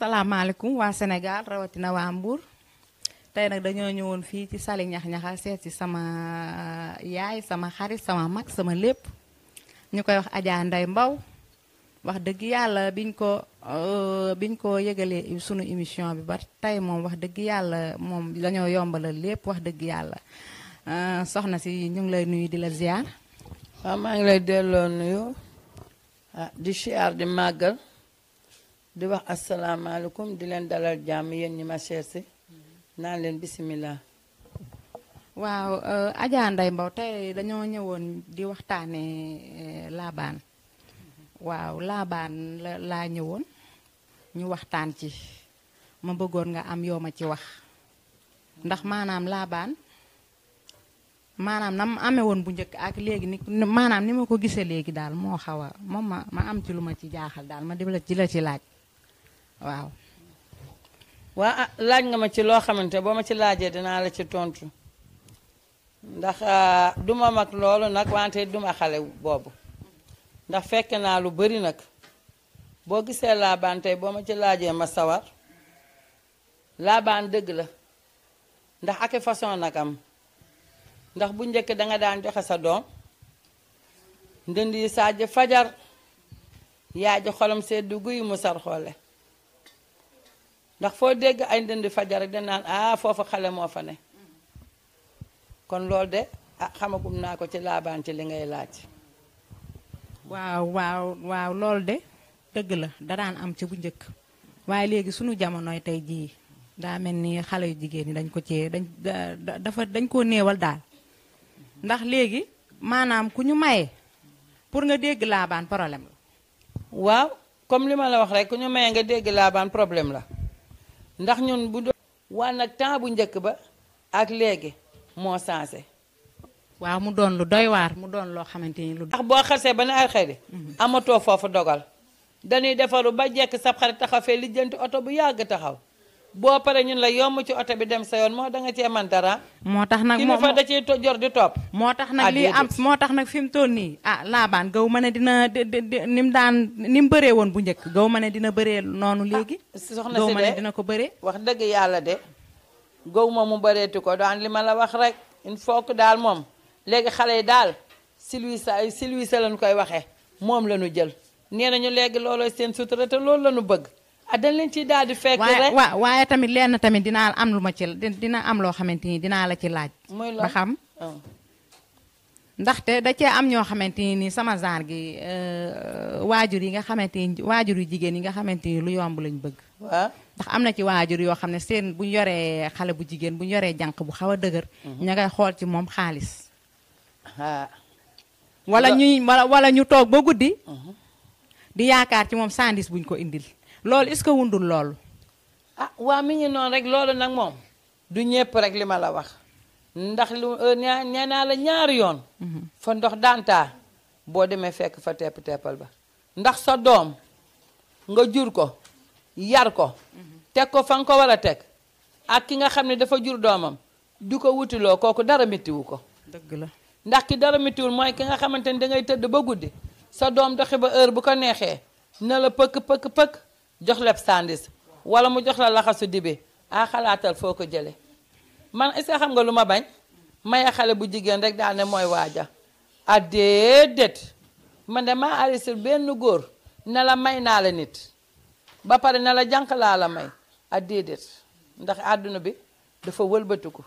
salaamaaleykum waa Sénégal rawatina waa mbur tey nag dañoo ñëwoon fii ci sali ñax ñaxa seet si sama uh, yaay sama xarit sama mag sama lépp ñu koy wax Adja Ndeye Mbaw wax dëgg yàlla biñ ko uh, biñ ko yëgalee sunu émission bi ba tey moom wax dëgg yàlla moom dañoo yombalal lépp wax dëgg yàlla uh, soxna si ñu ngi lay nuyu di la ziar. waaw maa ngi lay delloo nuyu ah, di ziar di màggal. di wax asalaamaaleykum di leen dalal jàmm yéen ñi ma cher si naan leen bisimilah. waaw euh, Adja Ndeye Mbow tey dañoo ñëwoon di waxtaanee euh, laabaan waaw laabaan laa ñëwoon ñu waxtaan ci ma bëggoon nga am yow ma ci wax ndax maanaam laabaan maanaam na mu amee woon bu njëkk ak léegi ni maanaam ni ma ko gisee léegi daal moo xaw a moom ma ma am ci lu ma ci jaaxal daal ma di la ci laaj. waaw waa ah, laaj nga ma ci loo xamante boo ma ci laajee dinaa la ci tontu ndax ah, ma mag loolu nag wante duma xale boobu ndax fekk naa lu bari nag boo gisee laabaan tey boo ma ci laajee ma sawar laaban dëgg la ndax ak façon nag am ndax bu njëkk danga daan joxe sa doom ndënd yi fajar yaa ji xolam guy mu sar xoole ndax foo dégg ay ndënd fajar rek danaan ah foofa xale moo fa ne kon loolu de ah xamagum naa ko ci laabaan ci li ngay laaj waaw waaw waaw loolu de dëgg la daraan am ci bu njëkk waaye léegi sunu jamonoy tey jii daa mel ni xale yu jigéen ñi dañ ko cee dañ dafa dañ koo néewal daal ndax léegi maanaam ku ñu maye pour nga dégg laabaan problème la waaw comme li ma la wax rek ku ñu maye nga dégg laabaan problème la ndax ñun bu doon waa nag temps bu njëkk ba ak léegi moo sansé waaw mu doon lu doy waar mu doon loo xamante ni lu. ndax boo xasee ba ne alxeri mhm. amatoo foofu dogal dañuy defaru ba jekk sab xarit taxaw fee lijjanti oto bu yàgg taxaw boo paree ñun la yomb ci oto bi dem sa yoon moo danga cee man dara. moo tax nag moom fa da ciy jor di topp. moo tax nag ah, lii am moo tax nag fi mu toll nii ah laabaan gaw ma ne dina di ni mu daan ni mu bëree woon bu njëkk gaw ma ne dina bëree noonu ah, léegi. soxna si gaw ma ne dina ko bëree. wax dëgg yàlla de gaw mu bëreeti ko daan li ma la wax rek il faut daal moom léegi xale yi daal silwisa silwisa lañ koy waxee moom la ñu jël nee nañu léegi looloo seen sutura te loolu la ñu bëgg. Ah, dañ leen ci daal di fekk rek waaw waaye tamit leen tamit dinaa am lu ma ci dina am loo xamante ni dinaa la ci laaj. mooy ba xam. Oh. ndaxte da ce am ñoo xamante ni sama genre gi euh, waajur yi nga xamante waajur yu jigéen yi nga xamante ni lu yomb lañ bëgg. ndax am na ci waajur yoo xam ne seen bu ñu yoree xale bu jigéen bu ñu yoree jànq bu xaw a dëgër. Mhm. ña ngay xool ci moom xaalis. wala ñuy wala ñu toog ba guddi. Mhm. di yaakaar ci moom sandis buñ ko indil. loolu est-ce que wundul loolu. ah waa mi ngi noon rek loolu nag moom du ñëpp rek li ma la wax ndax lu euh, nee naa la ñaari yoon. Mhm. fa ndox daantaa boo demee fekk fa tepp teppal ba ndax sa doom nga jur ko yar ko. Mhm. teg ko fa nga ko war a teg ak ki nga xam ne dafa jur doomam du ko wutiloo kooku dara méttiwu ko. dëgg la ndax ki dara méttiwul mooy ki nga xamante ni dangay tëdd ba guddi sa doom doxi ba heure bu ko neexee na la pëkk pëkk pëkk. jox leb sandis wala mu jox la laxasu dibe ah xalaatal foo ko jëlee man est xam nga lu ma bañ maye xale bu jigéen rek daal ne mooy waaja a ah, déedéet man de maa benn góor ne la may naa la nit ba pare ne la jànq laa la may a ah, ndax àdduna bi dafa wëlbatiku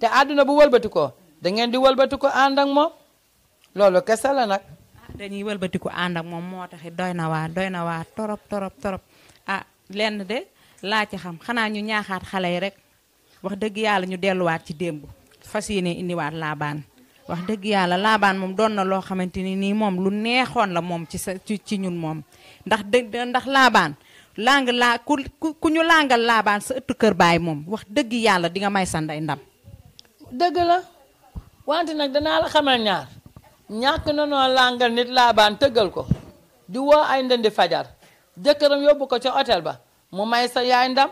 te àdduna bu wëlbatikoo dangeen di wëlbatiku ànd ak moom loolu kese la nag. Ah, dañuy wëlbatiku ànd moom moo taxit doy na waar doy na waa torop torop torop. lenn de laa ci xam xanaa ñu ñaaxaat xale yi rek wax dëgg yàlla ñu delluwaat ci démb fas yéene indiwaat laabaan wax dëgg yàlla laabaan moom doon na loo xamante ni nii moom lu neexoon la moom ci sa ci ñun moom ndax dëgg ndax laabaan làng laa ku ku ñu làngal laabaan sa ëttu kër baay moom wax dëgg yàlla dinga may sa ndey ndam dëgg la wante nag danaa la xamal ñaar ñàkk na noo langal nit laabaan tëggal ko di woo ay ndëndi fajar jëkkëram yóbbu ko ca hôtel ba mu may sa yaay ndam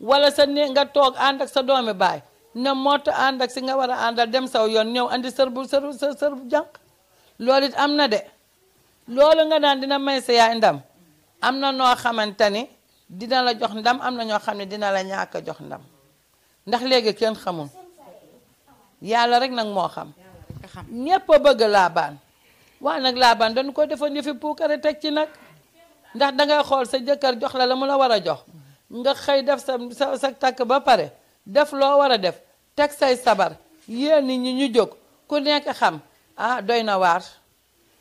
wala sa ni nga toog àndak sa doomi baay ne moota ànd ak si nga war a àndal dem saw yoon ñëw andi sër bu sër sër bu jànq loolu it am na de loolu nga daan dina may sa yaay ndam am na noo xamante ni dina la jox ndam am na ñoo xam ne dina la ñàkk a jox ndam ndax léegi kenn xamul yàlla rek nag moo xam ñépp a bëgg laabaan waaye nag laabaan dañu ko defoon yëfi puukare teg ci nag ndax dangay xool sa jëkkër jox la la mu la war a jox nga xëy def sa sa sa takk ba pare def loo war a def teg say sabar yéen nit ñi ñu jóg ku nekk xam ah, doy na waar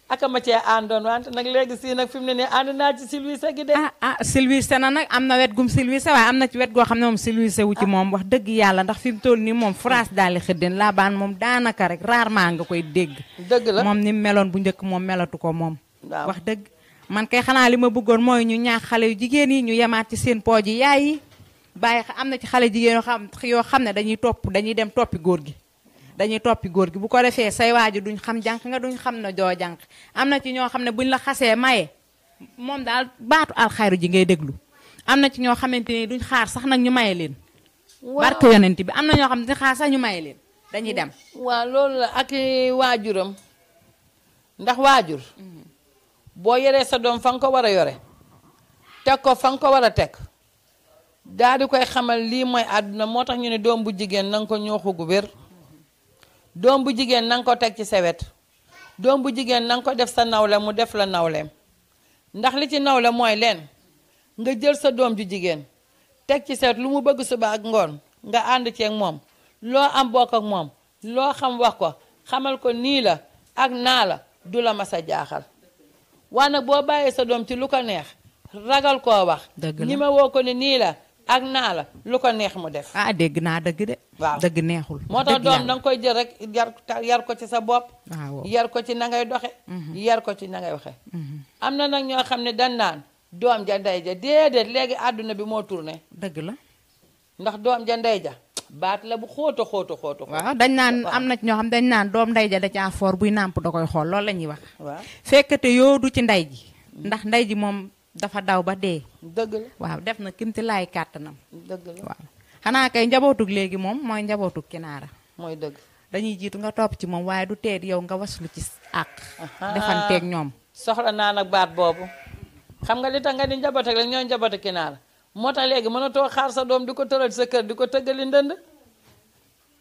aka ma cee àndoon wante nag léegi si nag fi mu ne nii ànd naa ci silwise gi de. ah, ah silwise na nag am na wet gum silwise waaye am na ci wet goo xam ne moom silwise wu ci ah. moom wax dëgg yàlla ndax fi mu toll nii moom France daal di xëddeen baan moom daanaka rek rarement nga koy dégg. dëgg la moom ni meloon bu njëkk moom melatu ko moom. man kay xanaa li ma bëggoon mooy ñu ñaax xale yu jigéen yi ñu yemaat ci seen pooj yaay yi bàyyi am na ci xale jigéen yoo xam yoo xam ne dañuy topp dañuy dem toppi góor gi dañuy toppi góor gi bu ko defee say waajur duñ xam jànq nga duñ xam ne doo jànq am na ci ñoo xam ne buñ la xasee maye moom daal baatu alxayru ji ngay déglu am na ci ñoo xamante ni duñ xaar sax nag ñu maye leen barke yonent bi am na ñoo xam ne duñ xaar sax ñu maye leen dañuy dem waaw loolu la ak waajuram ndax waajur mm. boo yoree sa doom fa ko war a yore teg ko fa ko war a teg daal di koy xamal lii mooy àdduna moo tax ñu ne doom bu jigéen na nga ko ñooxu gu wér doom bu jigéen na ko teg ci sewet doom bu jigéen na ko def sa nawle mu def la nawleem ndax li ci nawle mooy leen nga jël sa doom ju jigéen teg ci sewet lu mu bëgg suba ak ngoon nga ànd ceeg moom loo am bokk moom loo xam wax ko xamal ko nii la ak naa la du la masa jaaxal waa nag boo bàyyee sa doom ci lu ko neex ragal koo wax. dëgg la ma woo ko ne nii la ak naa la lu ko neex mu def. ah dégg naa dëgg de. waaw neexul. moo tax doom da nga koy jël rek yar ko ci sa bopp. Ah, yar ko ci na ngay doxe mhm. yar ko ci nangay ngay waxe mhm. am na nag ñoo xam ne dañ naan doom ja ndey ja déedéet léegi àdduna bi moo tourné. dëgg la ndax doom ja ndey ja. baat la bu xóota xóota xóota waaw dañ naan am na ci ñoo xam dañ naan doom ndey ja da caa foor buy nàmp da koy xool loolu la ñuy wax waaw fekkate yoo du ci ndey ji mm. ndax ndey ji moom dafa daw ba dee dëgg waaw def na kimti laay kàttanam dëgg la xanaa kay njabootug léegi moom mooy njabootug kinaara mooy dëgg dañuy jiitu nga topp ci moom waaye du teed yow nga waslu ci àq defanteeg ñoom soxla naa ak baat boobu xam nga li tax nga di njaboote rek ñooy njaboote kinaara moo tax léegi mënatoo xaar sa doom di ko tëral sa kër di ko tëggali ndënd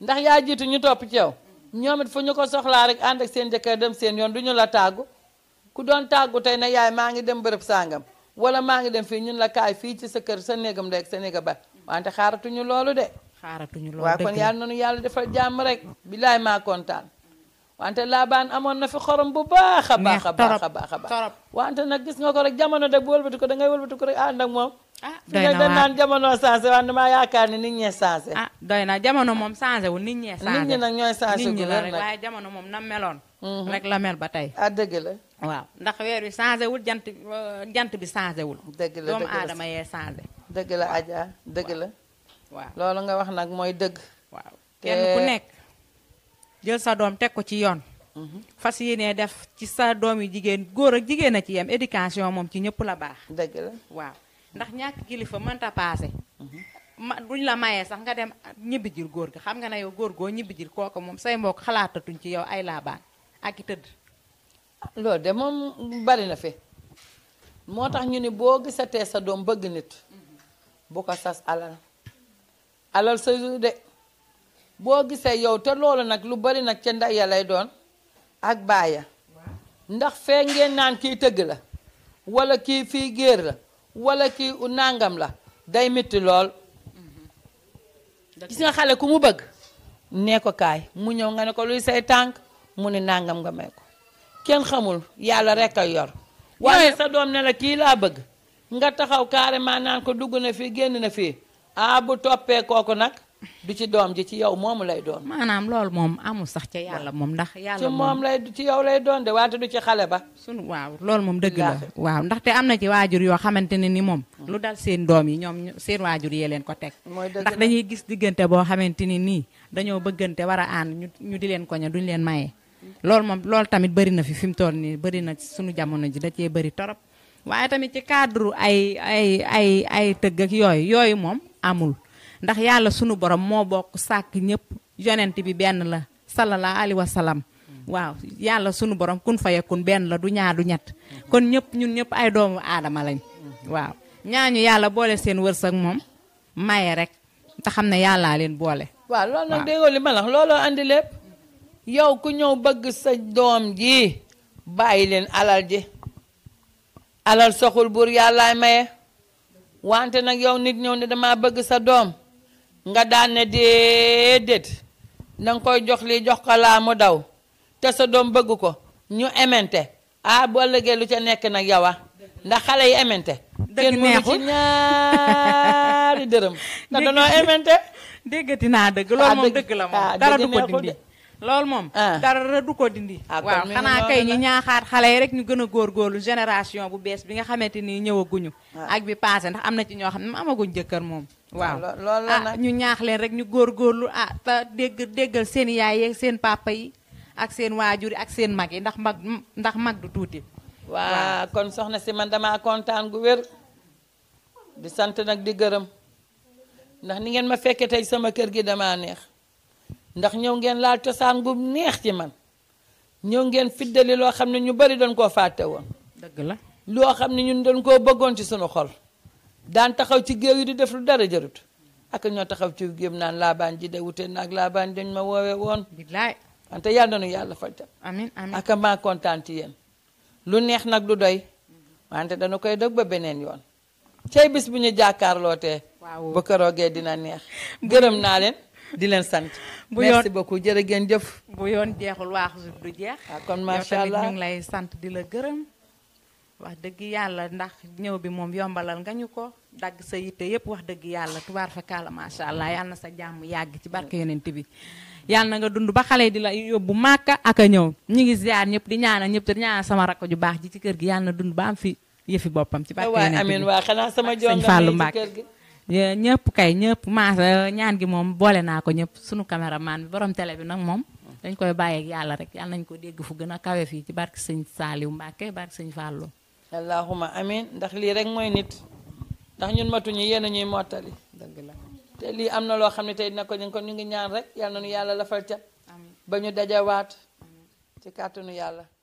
ndax yaa jiitu ñu topp ci yow ñoom it fu ñu ko soxlaa rek ànd ak seen jëkkër dem seen yoon du ñu la tàggu ku doon tàggu tey ne yaay maa ngi dem bërëb sàngam wala maa ngi dem fii ñun la kaay fii ci sa kër sa néegam rek sa néega ba wante xaaratuñu loolu de. xaaratuñu kon yàlla na nu yàlla defal jàmm rek. bilaay maa kontaan. wante laabaan amoon na fi xorom bu baax a baax a baax a baax a baax wante nag gis nga ko rek jamono de bu wëlbati ko da ngay wëlbati ko rek ànd ak moom ah doy na waaw naan jamono changé waaye damaa yaakaar ni nit ñee changé ah doy na jamono moom changé wu nit ñee changé nit ñi nag ñooy changé nit ñi la rek waaye jamono moom na meloon mhm. rek la mel ba tey ah dëgg la waaw ndax weer wi changé wul jant euh, jant bi changé wul dëgg la doomu aadama yee changé dëgg la Adja dëgg la waaw loolu nga wax nag mooy dëgg waaw kenn ku nekk jël sa doom teg ko ci yoon. Mhm. fas yéenee def ci sa doom yi jigéen góor ak jigéen a ci yem éducation moom ci ñëpp la baax. dëgg la waaw ndax ñàkk kilifa mënta paase. Mhm. ma duñ la mayee sax nga dem ñibbi jil góor gi xam nga ne yow góor goo ñibbi jil kooku moom say mbook xalaatatuñ ci yow ay laabaan ak i tëdd. loolu de moom bari na fi moo tax ñu ne boo gisatee sa doom bëgg nit. Mhm. bu ko sas alal alal sa de. boo gisee yow te loolu nag lu bari nag ca ndey ya lay doon ak baaya ndax fee ngeen naan kii tëgg la walla kii fii géer la walla kii nangam la day métti lool gis nga xale ku mu bëgg nee mu ñëw nga ne ko luy say tànk mu ni nangam nga may ko kenn xamul yàlla rekk a yor waaye sa doom ne la kii laa bëgg nga taxaw carrément naan ko dugg na fii génn na fii ah bu toppee kooku nag du ci doom ji ci yow moomu lay doon. maanaam lool moom amul sax ca yàlla moom ndax. yàlla moom ci moom lay ci yow lay doon de wante du ci xale ba. sunu waaw loolu moom dëgg la. waaw ndaxte am na ci waajur yoo xamante ne ni moom. Mm. lu dal seen doom yi ñoom seen waajur yee leen ko teg. ndax dañuy gis diggante boo xamante ni nii dañoo bëggante war a ànd ñu ñu di leen ko ña duñ leen maye. loolu moom loolu tamit bëri na fi fi mu toll nii bëri na sunu jamono ji da cee bëri torop waaye tamit ci cadre ay ay ay ay tëgg yooyu yooyu moom amul ndax yàlla sunu borom moo bokk sàkk ñépp yonent bi benn la sallallahu alayhi wa waaw yàlla sunu borom kun fayakun benn la du ñaar du ñett kon ñëpp ñun ñëpp ay doomu aadama lañ waaw ñaañu yàlla boole seen wërsëg moom maye rek te xam na yàllaa leen boole. waaw loolu nag déggoo li ma la looloo andi lépp yow ku ñëw bëgg sa doom ji bàyyi leen alal ji alal soxul buur yàllaay maye wante nag yow nit ñëw ne dama bëgg sa doom. nga daan ne déedéet danga koy jox lii jox ko laa mu daw te sa doom bëgg ko ñu emente ah bu ëllëgee lu ca nekk nag yow ah, ndax xale yi emente kenn mënu ci ñaari dërëm te danoo emente déggati naa dëgg loolu ah, moom dëgg la moom ah, dara du ko loolu moom. Ah. dara du ko dindi. Ah, waaw xanaa kay ñu ñaaxaat xale yi rek ñu gën a góor góorlu génération bu bees bi nga xamante nii ñëwaguñu. Ah. ak bi passé ndax am na ci ñoo xam ne amaguñ jëkkër moom. waaw loolu la nag ñu ñaax leen rek ñu góorgóorlu ah te dégg déggal seen yaay yeeg seen papa yi ak seen waajur yi ak seen mag yi ndax mag ndax mag du tuuti. waa kon soxna si man damaa kontaan gu wér. di sant nag di gërëm ndax ni ngeen ma fekkee tey sama kër gi damaa neex. ndax ñëw ngeen laal tosaan bu neex ci man ñëw ngeen fiddali loo xam ne ñu bari dañ koo fàtte woon dëgg la loo xam ne ñun dañ koo bëggoon ci sunu xol daan taxaw ci géew yi di def lu dara jarut ak ñoo taxaw ci géew naan laabaan ji de wute naag laabaan dañ ma woowe woon billaay wante yàlla nanu yàlla fajal amiin amiin maa kontaan ci yéen lu neex nag du doy wante dañu koy dog ba beneen yoon cey bis bu ñu jàkkaarloo tee bu ko roogee dina neex gërëm naa leen di leen sant. bu yoon merci beaucoup jërë ngeen jëf. bu yoon jeexul waaxu du jeex. Ah, kon macha allah lay sant di la gërëm. wax dëgg yàlla ndax ñëw bi moom yombalal nga ñu ko dagg sa yitte yépp wax dëgg yàlla tubaar fa kaala macha allah yal na sa jàmm yàgg ci barke yonent bi. yàlla na nga dund ba xale yi di la yóbbu màkka ak ñëw ñu ngi ziar ñëpp di ñaanal ñëpp di ñaanal sama rakk ju baax ji ci kër gi yàlla na dund ba am fi yëfi boppam ci barke yonent bi waaw xanaa ñëpp kay ñëpp maas euh, ñaan gi moom boole naa ko ñëpp sunu caméraman bi boroom télé bi nag moom dañ koy bàyyi yàlla rek yàlla nañ ko dégg fu gën a kawe fii ci barke sëñ Saaliw Mbàkke barke sëñ Fàllu allahuma amin ndax lii rek mooy nit ndax ñun matuñu yéen a ñuy mottali dëgg la te lii am na loo xam ne tey dina ko ñu ko ñu ngi ñaan rek yàlla nañu yàlla lafal ca ba ñu dajawaat ci kàttanu yàlla